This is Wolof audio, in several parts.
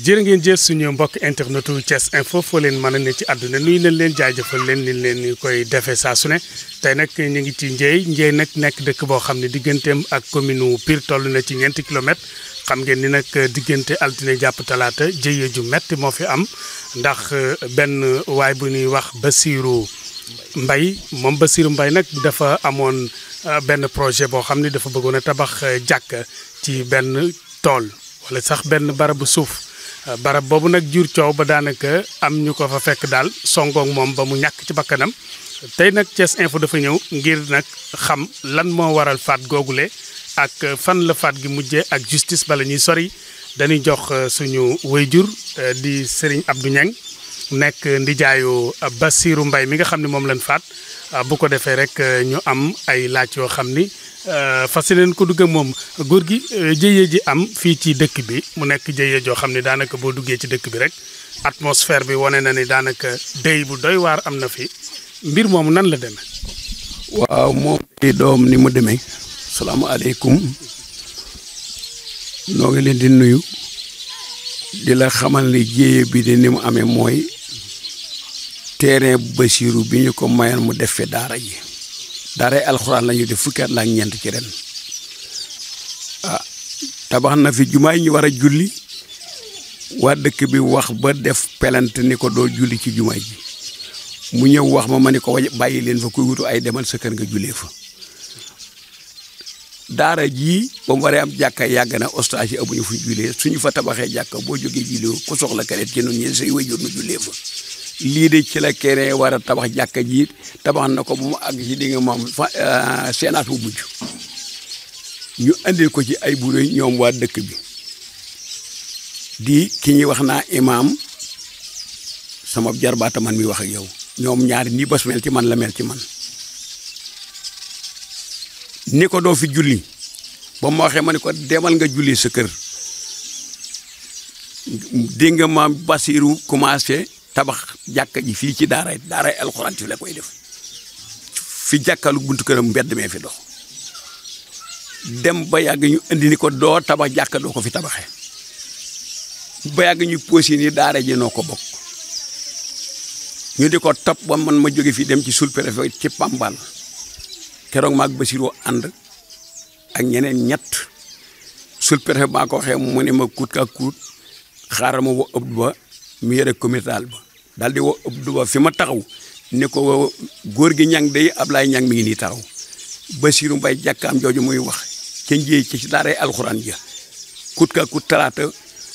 jërë ngeen jëf suñu mbokk internetu Thiès Info foo leen mën a ne ci àdduna nuyu nañ leen jaajëfal leen ni leen koy defee saa su ne tey nag ñu ngi ci Ndieye Ndieye nag nekk dëkk boo xam ne digganteem ak commune piir tollu na ci ñeenti kilomètres xam ngeen ni nag diggante altine jàpp talaata jëye ju metti moo fi am ndax benn waay bu ñuy wax basiiru mbay moom Basirou mbay nag dafa amoon euh, benn projet boo xam ne dafa bëggoon a tabax euh, jàkk ci benn tool wala barab boobu nag jur coow ba daanaka am ñu ko fa fekk daal songoog moom ba mu ñàkk ci bakkanam tey nag Thiès Info dafa ñëw ngir nag xam lan moo waral faat googule ak fan la faat gi mujjee ak justice bala ñuy sori dañuy jox euh, suñu wayjur euh, di Serigne Abdou Niang nekk ndijaayu bassiru Mbaye mi nga xam ne moom lañ faat euh, bu ko defee rek ñu am ay laaj yoo xam ni Euh, fas leen ko dugg moom góor gi euh, jëye ji am fii ci dëkk bi mu nekk jëye joo xam ne daanaka boo duggee ci dëkk bi rek atmosphère bi wane na ni daanaka dëy bu doy waar am na fi mbir moomu nan la demee. waaw moom di doom ni mu demee. salaamaaleykum noo ngi leen di nuyu di la xamal ni jéye bi de ni mu amee mooy terrain Basiiru bi ñu ko mayoon mu def fi daara ji daaray alxuraan la ñuy def fukki at la ñeent ci ren ah tabax na fi jumaa yi ñu war a julli waa dëkk bi wax ba def pelante ni ko doo julli ci jumaa ji mu ñëw wax ma ma ni ko bàyyi leen fa kuy wutu ay demal sa kër nga jullee fa daara jii ba mu waree jàkka yàgg na ostages yi amuñu fu jullee suñu fa tabaxee jàkka boo jógee jullee ko soxla kareet ci noonu ñeen say wajur nu jullee fa lii de ci la kere war a tabax jàkka ji tabax na ko bu mu àgg ci di nga moom fa euh, séenaat bu mujj ñu andil ko ci ay bureau ñoom waa dëkk bi di ki ñuy wax naa imaam sama jarbaata man mi wax ak yow ñoom ñaari nii bas mel ci man la mel ci man ni ko doo fi julli ba ma waxee ma ne ko demal nga julli sa kër dégg nga maam tabax jàkka ji fii ci daaray daara alxuraan ci la koy def fi jàkkalu buntu këram mbedd mee fi dox dem ba yàgg ñu indi ni ko doo taba jàkka doo ko fi tabaxee ba yàgg ñu posi ni daara ji noo ko bokk ñu di ko topp ba man ma jóge fii dem ci sous-préfet ci Pambal keroog maag Basiroo ànd ak ñeneen ñett sous-préfet maa ko waxee mu ne ma kuut ka kuut xaaral ma ba ëpp ba mu yore commercial ba daal di wo fi ma taxaw ni ko góor gi ñang day ab Ablaye ñang mi ngi nii taxaw Basiiru Mbay jàkkaam jooju muy wax ca njéey ci daaray alxuraan ja kut ka kut talaata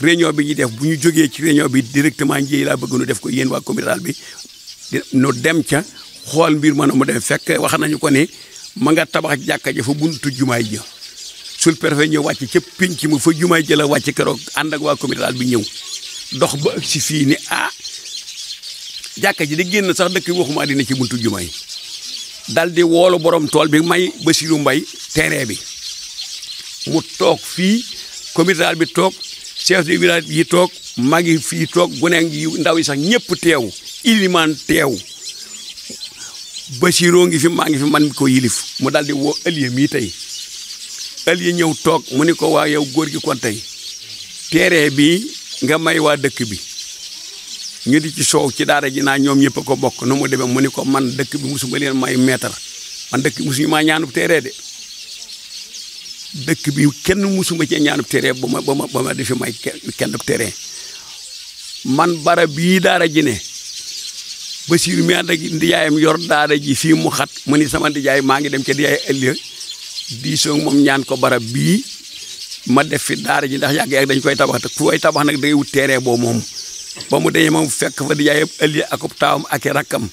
réunion bi ñu def bu ñu jógee ci réunion bi directement njéey laa bëgg nu def ko yéen waa communal bi nu dem ca xool mbir ma mu dem fekk wax nañu ko ne ma nga tabax jàkka ja fa buntu jumaay ja sul préfet ñëw wàcc ca pénc ma fa jumaay ja la wàcc keroog ànd ak waa communal bi ñëw dox ba si fii ni ah jàkka ji di génn sax dëkk waxuma àddina ci buntu jumaa may dal di woolu borom tool bi may Basiru Mbay terrain bi mu toog fii communal bi toog chef de village yi toog mag fii toog gune yi ndaw yi sax ñëpp teew ilimaan teew Basiru ngi fi maa ngi fi man ko yilif mu dal di woo ëllëg mii tey ëllëg ñëw toog mu ni ko waa yow góor gi kon tey bi nga may waa dëkk bi ñu di ci soow ci daara ji naa ñoom ñëpp a ko bokk nu mu demee mu ni ko man dëkk bi musuma leen may meetar man dëkk bi musuñu maa ñaanub téere de dëkk bi kenn musuma cee ñaanub téere ba ma ba ma ma di fi may kenn man bara bii daara ji ne Basiir mi ànd yor daara ji fii mu xat mu ni sama ndijaay maa ngi dem ca ndijaay ëllëg ñaan ko barab bii ma def fi daara ji ndax yàgg-yàgg dañ koy tabax te tabax nag da téere boo moom ba mu demee moom fekk fa di yaayam ëllëg ak taawam ak i rakkam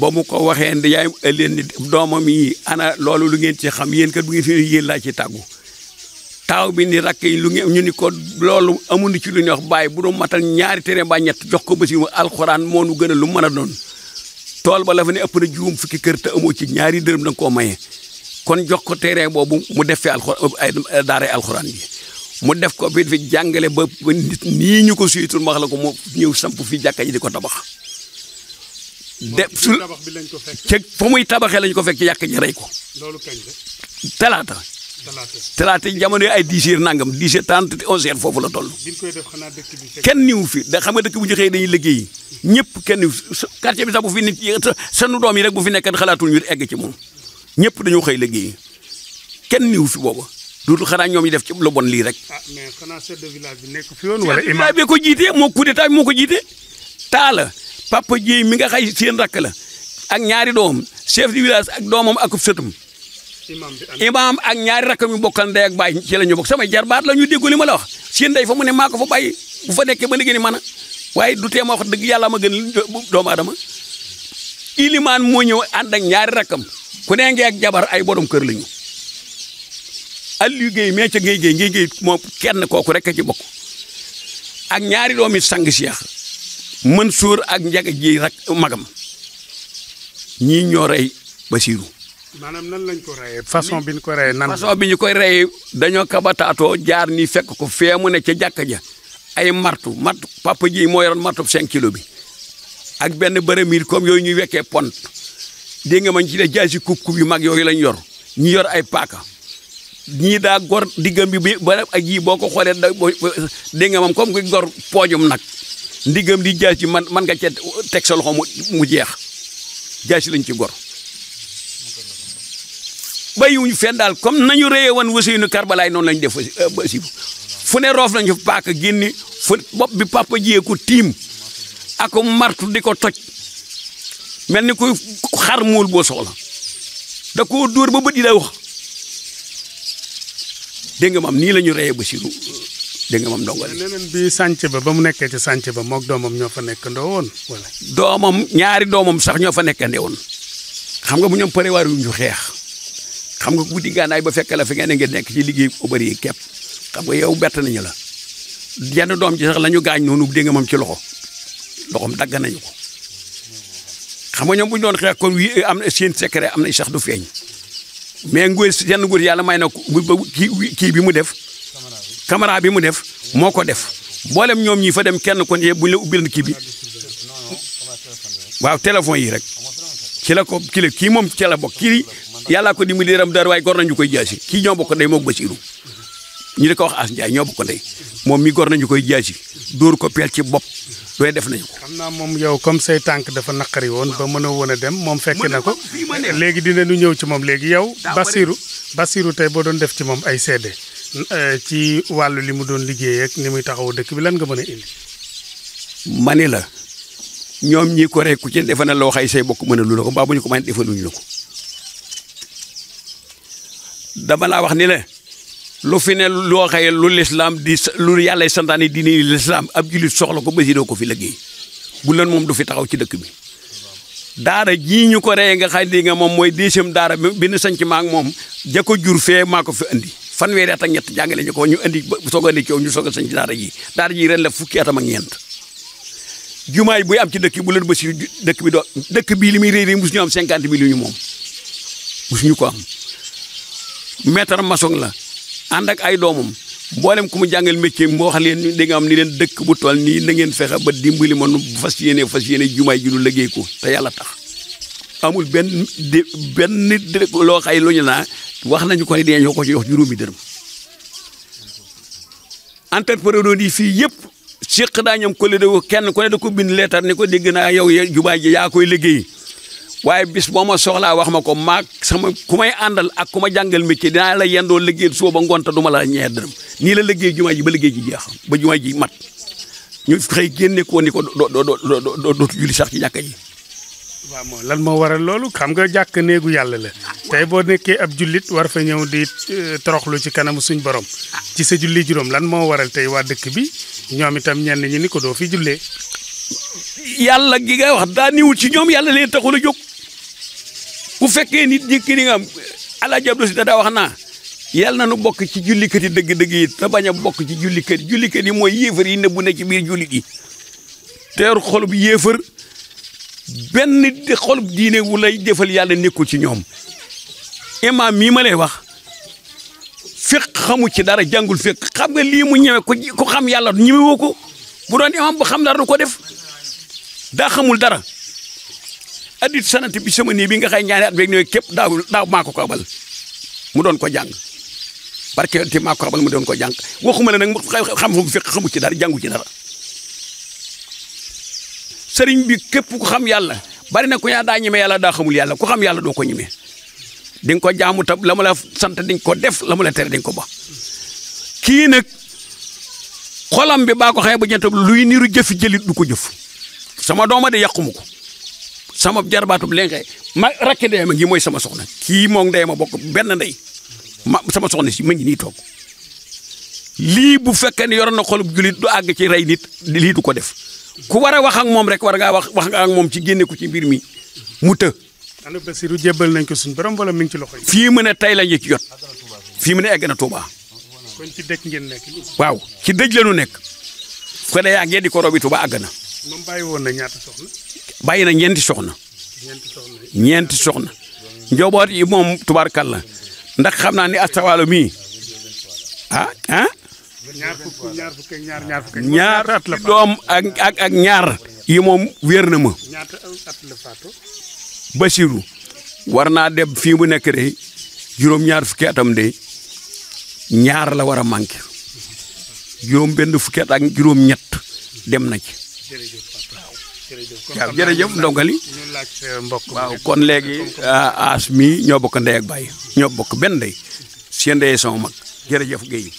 ba mu ko waxee di yaayam ëllëg ni doomam yi ana loolu lu ngeen ci xam yéen kat bu ngeen fi yéen laa ci tàggu taaw bi ni rakk yi lu ngeen ñu ni ko loolu amuñu ci lu ñuy wax bàyyi bu doon matal ñaari tere ba ñett jox ko ba si alxuraan moo nu gën a lu mën a doon tool ba la fa ne ëpp na juróom fukki kër te amoo ci ñaari dërëm da koo maye kon jox ko tere boobu mu def fi alxuraan ay daaray bi mu def ko bi fi jàngale ba ba nii ñu ko suytul max la ko mu ñëw samp fi jàkka ji di ko tabax. de su ca fa muy tabaxee lañ ko fekk ci yàq ji rey ko. loolu kañ la. talaata. talaata talaata jamono yi ay dix nangam dix heures trente onze foofu la toll. biñ koy def xanaa dëkk bi kenn niwu fi da xam nga dëkk bu ñu xëyee dañuy liggéey ñëpp kenn niwu quartier bi sax bu fi nit yi sanu doom yi rek bu fi nekkan xalaatul ñu egg ci moom ñëpp dañoo xëy liggéey kenn niwu fi booba. dootul xanaa ñoom yi def ci lu bon lii rek. ah mais xanaa chef bi nekk fi woon wala imam bi ko jiite moo coup d'état bi moo ko jiite. taala papa Dieye mi nga xay seen rakk la ak ñaari doom chef de village ak doomam ak sëtum. imam bi imam ak ñaari rakk mi bokkal ndey ak baay ci la ñu bokk sama jarbaat la ñu déggu li ma la wax seen ndey fa ne maa ko fa bàyyi bu fa nekkee ba léegi ni man waaye du tee ma wax dëgg yàlla ma gën doomu aadama ilimaan moo ñëw ànd ak ñaari rakkam ku ne ngee ak jabar ay borom kër la Aliou Guèye mais ca Guèye Guèye Guèye Guèye moom kenn kooku rek a ci bokk ak ñaari doomi sang Cheikh Mansour ak njag Guèye rek magam ñii ñoo rey Basirou. maanaam nan lañ ko reyee façon bi ñu ko reyee nan façon bi ñu koy reyee dañoo kabataatoo jaar nii fekk ko fee mu ne ca jàkka ja ay martu martu papa ji moo yoroon martu 5 kilo bi ak benn bërëmir comme yooyu ñuy wekkee pont dégg nga mañ ci def jaasi kub kub yu mag yooyu lañ yor ñu yor ay paaka ñii daa gor diggam bi bi ba ak yii boo ko xoolee da dégg nga moom comme kuy gor poojum nag ndiggam di jaas ji man man nga cee teg sa loxo mu jeex jaas lañ ci gor. bàyyiwuñu fen daal comme nañu réyee woon Ousseynou Karbalaay noonu lañ def aussi fu ne roof lañ fi paaka génni fu bopp bi papa jiyee tiim ak martu di ko toj mel ni kuy xar muul boo soxla da koo ba bët yi daa wax. dégg nga maam nii la ñu reyee Basiru dégg nga maam ndongole. leneen bi sànc ba ba mu nekkee ci sànc ba moog doomam ñoo fa nekkandoo woon wala. doomam ñaari doomam sax ñoo fa nekkandee woon xam nga bu ñoom pare waar yu ñu xeex xam nga guddi gànnaay ba fekk la fi ngeen ngeen nekk ci liggéey bu bëri yi képp xam nga yow bett nañu la jenn doom ji sax la ñu gaañ noonu dégg nga moom ci loxo loxom dagg nañu ko xam nga ñoom bu doon xeex kon am na seen secret am na sax du feeñ. mais nguur yenn nguur yàlla may na kii kii bi mu def caméra bi mu def moo ko def mboolem ñoom ñi fa dem kenn kon yëpp bu ñu la ubbil kii bi waaw téléphone yi rek ci la ko ki kii moom ci la bokk kii yàllaa ko dimbali yaram dara waaye koy jaasi kii ñoo bokk day moog Basiiru ñu di ko wax As Ndiaye ñoo bokk ndey moom mi gor nañu koy jaasi dóor ko peel ci bopp doy def nañu ko. xam naa moom yow comme say tànk dafa naqari woon ba mën a woon a dem moom fekk na ko léegi dinañu ñëw ci moom léegi yow. Bassirou Bassirou tey boo doon def ci moom ay seede eh, ci wàllu li mu doon liggéey ak muy taxawu dëkk bi lan nga mën indi. ma ne la ñoom ñi ko rek ku ci defe na la wax ay say bokk mën a lu la ko mbaa bu ñu ko mën ñu la ko dama laa wax ni la. lu fi ne loo xëye lu lislaam di lu yàlla santaane diine lislaam ab jullit soxla ko basidoo ko fi liggéey bu leen moom du fi taxaw ci dëkk bi daara jii ñu ko reye nga xam di nga moom mooy dixième daara bi nu sanc moom ja ko jur ko fi andi fanweeri ak ñett jàngale ñu ko ñu andi soog a andi ñu soog a daara ji daara ji ren la fukki atam ak ñeent jumaay buy am ci dëkk bu leen ba si dëkk bi doo dëkk bii li muy réy réy mosu ñu am cinquante mille ñu moom mosu ko am maître maçon la ànd ak ay doomam mboolem ku mu jàngal métier moo wax leen da nga am ni leen dëkk bu toll nii na ngeen fexe ba dimbali ma nu fas yéene fa yéene jumaay ji nu liggéey ko te yàlla tax amul benn de benn loo xay lu ñu naa wax nañu ko ne dinañu ko ci jox juróomi dërëm entrepreneur yi fii yëpp siq daa ñoom ko le kenn ku ne da ko bind leetar ne ko dégg naa yow jumaay ji yaa koy liggéey waaye bis boo ma soxlaa wax ma ko maak sama ku may àndal ak ku ma jàngal métier dinaa la yendoo liggéeyal suba ba ngoon duma du ma la ñeer dërëm nii la liggéey jumaa ji ba liggéey ji jeex ba jumaa ji mat ñu xëy génne ko ni ko do dootu julli sax ci jàkka ji. lan moo waral loolu xam nga jàkk néegu yàlla la tey boo nekkee ab jullit war fa ñëw di euh, toroxlu ci kanamu suñ borom ci sa julli juróom lan moo waral tey waa dëkk bi ñoom itam ñenn ñi ni ko doo fi jullee. gi wax daa ci ñoom yàlla leen taxul a jóg. bu fekkee nit jëkki di nga am alaaji Abdou Si daa wax naa yàlla na nu bokk ci jullikat yi dëgg-dëgg yi te bañ bokk ci jullikat yi jullikat mooy yéefar yi nëbbu ne ci biir jullit yi teer xolub yéefar benn xolub diine wu lay defal yàlla nekkul ci ñoom imaam mii ma lay wax fiq xamu ci dara jàngul fekk xam nga lii mu ñëwee ku xam yàlla ñëwee woo ko bu doon imaam bu xam dara du ko def daa xamul dara addit sanante bi sama nii bi nga xay ñaani at beeg ne képp daaw daaw maa ko ko mu doon ko jàng barke te maa ko abal mu doon ko jàng waxuma la nag xam fu fekk xamu ci dara jàngu ci dara sëriñ bi képp ku xam yàlla bari na ku ñaa daa ñeme yàlla daa xamul yàlla ku xam yàlla doo ko ñeme di nga ko jaamu tab la mu la sant di nga ko def la mu la tere di ko ba kii nag xolam bi baa ko xëy ba ñettab luy niru jëfi jëlit du ko jëf sama dooma de yàquma ko sama jarbaatub lenqee ma rakki ndeyam a ngi mooy sama soxna kii moom ndeyam a bokk benn ndey ma sama soxna si ma ngi nii toog lii bu fekkee ne yoroon na xolub julit du àgg ci rey nit lii du ko def ku war a wax ak moom rek war ngaa wax wax nga ak moom ci génne ko ci mbir mi mu të. allo Bassirou jébbal nañ ko suñu borom wala mi ci loxo fii mën a tey la ñu ci jot fii mu ne egg na ngeen nekk. waaw ci dëj nekk. ko de ngeen di ko robi Touba àgg na. moom bàyyi woon na ñaata soxna. bàyyi na ñeenti soxna ñeenti soxna njaboot yi moom tubaarkàlla ndax xam naa ni astawaalo mii ah ah ñaar doom ak yi moom wér na ma Basiru war naa dem fii mu nekk de juróom-ñaar fukki atam de ñaar la war a manqué juróom benn fukki at juróom-ñett dem na waaw jërëjëf ndongali euh, waaw kon léegi aas euh, mi ñoo bokk ndey ak ñoo bokk benn ndey seen ndey sama mag jërëjëf Guèye